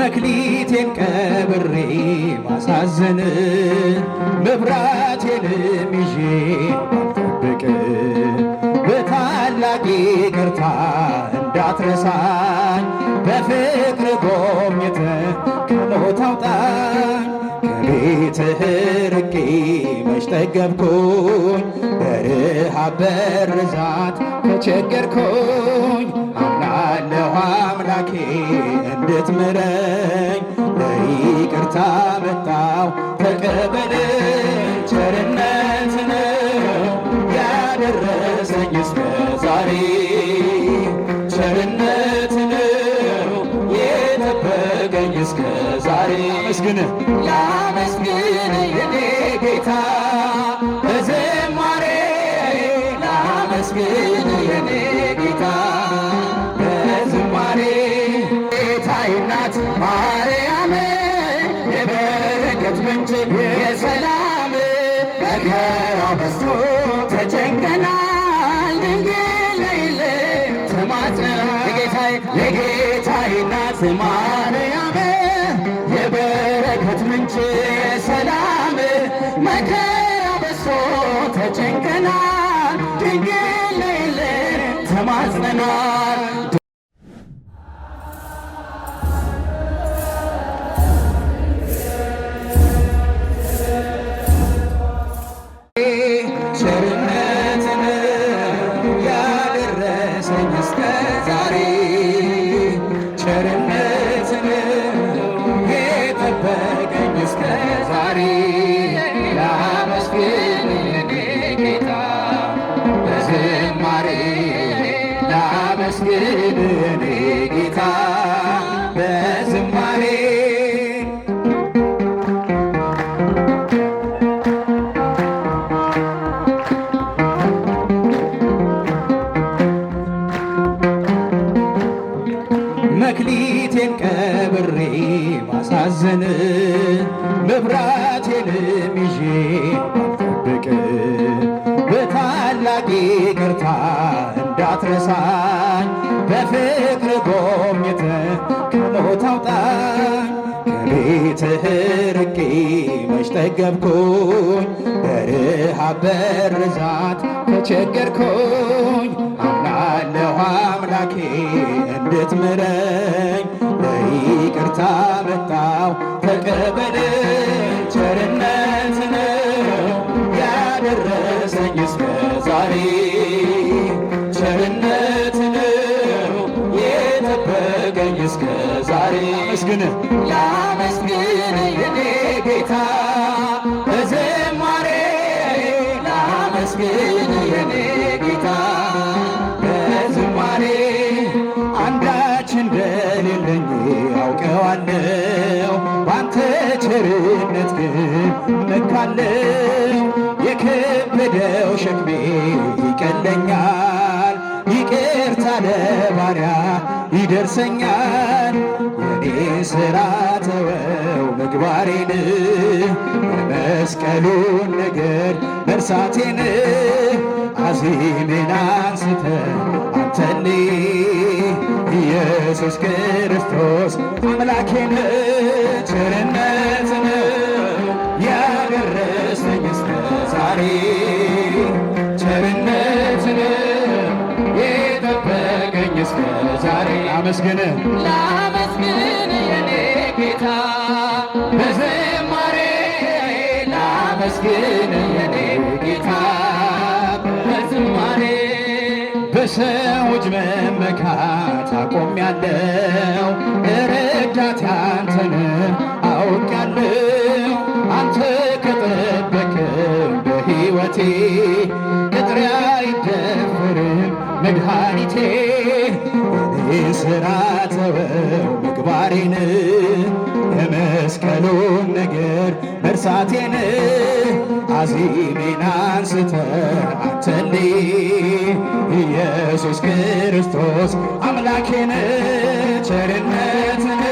መክሊቴን ቀብሬ ባሳዝን መብራቴንም ይዤ ባልጠብቅ በታላቅ ይቅርታ እንዳትረሳኝ በፍቅር ጎብኝተ ከሞት አውጣኝ ከቤትህ ርቄ መች ጠገብኩኝ በረሃብ በርዛት ተቸገርኩኝ አምናለሁ አምላኬ እንድትምረኝ ለይቅርታ መጣው ተቀበለ ቸርነት ነው ያደረሰኝ እስከ ዛሬ ቸርነት ነው የጠበቀኝ እስከ ዛሬ ላመስግን እናት ማርያም የበረከት ምንጭ የሰላም መከራ በዝቶ ተጨንቀናል ድንግል ነይልን ተማጽነናል የጌታዬ እናት ማርያም የበረከት ምንጭ የሰላም መከራ በዝቶ ተጨንቀናል ድንግል ነይልን ተማጽነናል ያደረሰኝ እስከ ዛሬ ቸርነት የጠበቀኝ እስከ ዛሬ ላመስግን ጌታ በዝማሬ ላመስግን ጌታ ከፊትህ ርቄ መች ጠገብኩኝ፣ በረሃብ በርዛት ተቸገርኩኝ። አምናለሁ አምላኬ እንድትምረኝ፣ ለይቅርታ መጣሁ ተቀበል። ቸርነት ነው ያደረሰኝ እስከ ዛሬ ዛሬ መስግን ላመስግን የኔ ጌታ በዝማሬ ላመስግን የኔ ጌታ በዝማሬ አንዳች እንደሌለኝ አውቀዋለው ባንተ ቸርነት ግን መካለው የከበደው ሸክሜ ይቀለኛል ይቅርታ ለባሪያ ይደርሰኛል ስራ ተወው ምግባሬን መስቀሉን ነገር መርሳቴን አዚሜን አንስተ አንተኒ ኢየሱስ ክርስቶስ አምላኬን ቸርነት ነው ያደረሰኝ እስከ ዛሬ ቸርነት የጠበቀኝ እስከ ዛሬ አመስግን ላመስግን ጌታ በዝማሬ በሰዎች መመካት አቆሜያለሁ። እረዳት ያንተን አውቄያለሁ። አንተ ከጠበቅህ በሕይወቴ ቅጥሬ አይደፈርም መድኃኒቴ። እኔን ሥራ ተወው ምግባሬን የመስቀሉን ነገር እሳቴን አዚሜን አንስተ አንተል ኢየሱስ ክርስቶስ አምላኬን ቸርነትን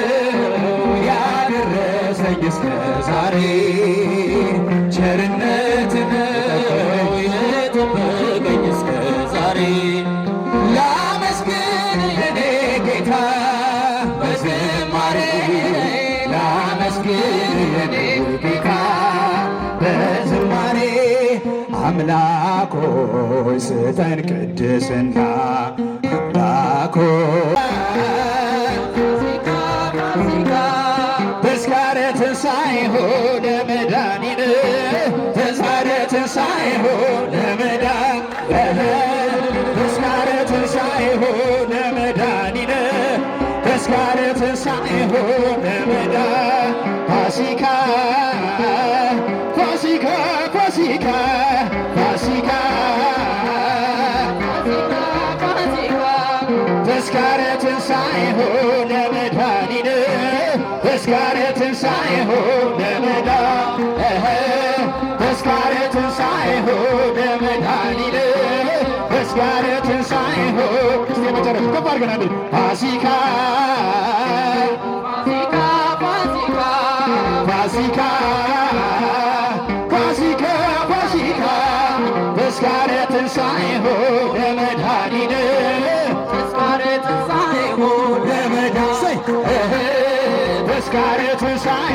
ያደረሰኝ እስከ ዛሬ ቸርነትን የጠበቀኝ እስከ ዛሬ ላመስግን የኔ ጌታ በዝማሬ ላመስግን የኔ አምላክ ሆይ ስጠን ቅድስና አምላክ ፋሲካ ፋሲካ ፋሲካ ተስካረ ትንሣኤሁ ለመድኃኒነ ተስካረ ትንሣኤሁ ለመዳ ተስካረ ትንሣኤሁ ለመድኃኒነ ተስካረ ትንሣኤሁ እስከ መጨረሻ ከፍ አድርገን ፋሲካ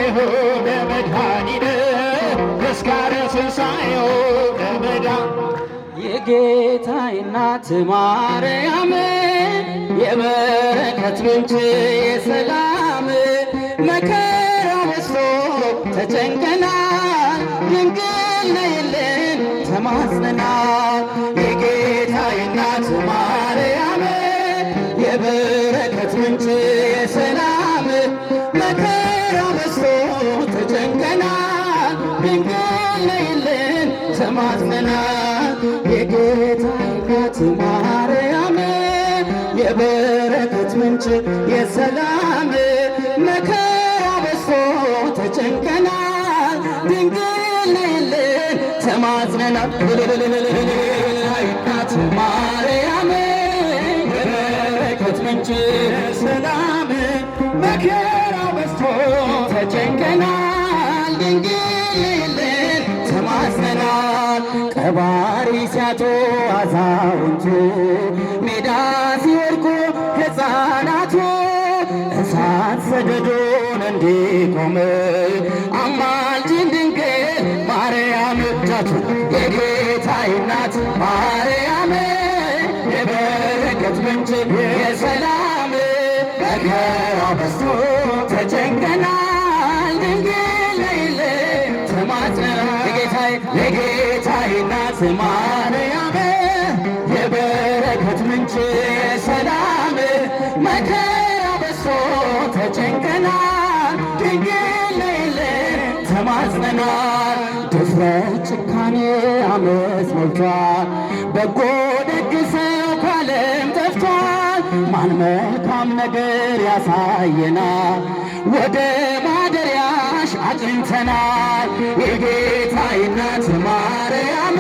ትንሣኤሁ ለመድኃኒነ ተስካረ ትንሣኤሁ ለመዳን የጌታዬ እናት ማርያም የበረከት ምንጭ የሰላም መከራ በዝቶ ተጨንቀናል ድንግል ነይልን ተማጽነናል ማትመና የጌታ ማርያም የበረከት ምንጭ የሰላም መከራ በሶ ተጨንቀናል ማርያም የበረከት ምንጭ የሰላም መከራ ተጨንቀናል ቀባሪ ሲያቶ አዛውንቱ ሜዳ ሲወድቁ ሕፃናቱ እሳት ሰደዶን እንዲቆም አማልጅን ድንግል ማርያም እጃቱ የጌታ እናት ማርያም የበረከት ምንጭ ተጨንቀና ድንግል ተማጽነናል። ድፍረት ጭካኔ አመፅ ሞልቷል። በጎ ደግ ሰው ካለም ጠፍቷል። ማን መልካም ነገር ያሳየናል? ወደ ማደሪያሽ አቅንተናል። እናት ማርያም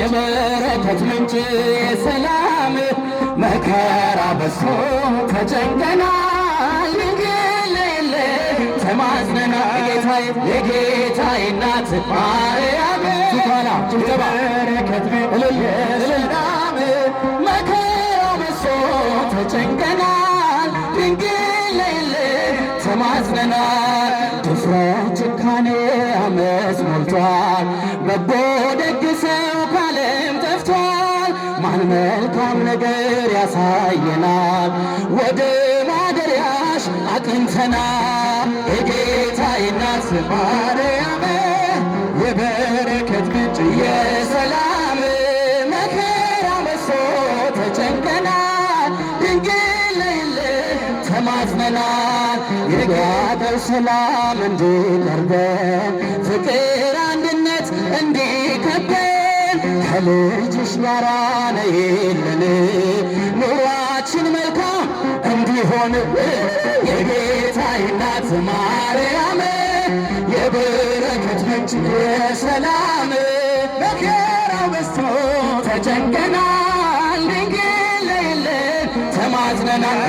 የበረከት ምንጭ የሰላም መከራ ተጨንቀናል ድንግል የለም ተማጽነና የጌታዬ እናት ማርያም ዙፋና ጭብጨባ በረከት መከራው ተጨንቀናል ጭካኔ አመፅ ሞልቷል በጎ ደግ ሰው ካለም ጠፍቷል ማን መልካም ነገር ያሳየናል ወደ አቅንተና የጌታ እናት ማርያም የበረከት ምንጭ የሰላም መከራ መሶ ተጨንቀና ድንግል ለይልን ተማጽነና የጋጠር ሰላም እንዲቀርበን ፍቅር አንድነት እንዲከበን ከልጅሽ ጋራ ነይልን ኑሯችን ሆን የጌታ እናት ማርያም የበረከት ምንጭ የሰላም መከራው በዝቶ ተጨንቀናል፣ ድንግል ተማዝነናል።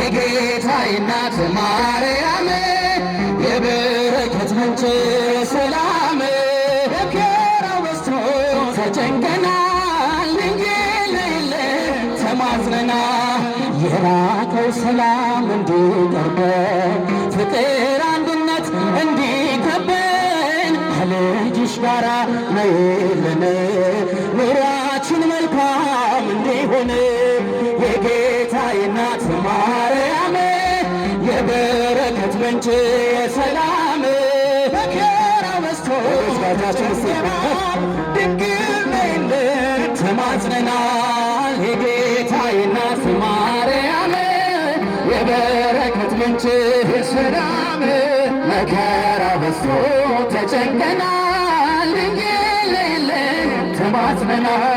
የጌታዬ እናት ማርያም የበረከት ምንጭ የሰላም ሰላም እንዲቀርበን ፍቅር አንድነት እንዲከበን ከልጅሽ ጋራ ነይልን ኑሯችን መልካም እንዲሆን የጌታዬ እናት ማርያም የበረከት ምንጭ የሰላም ድንግል ተማጽነናል የጌታዬ እናት ያንቺ ሰላም መከራ በዝቶ ተጨንቀናል፣ ተማጽነናል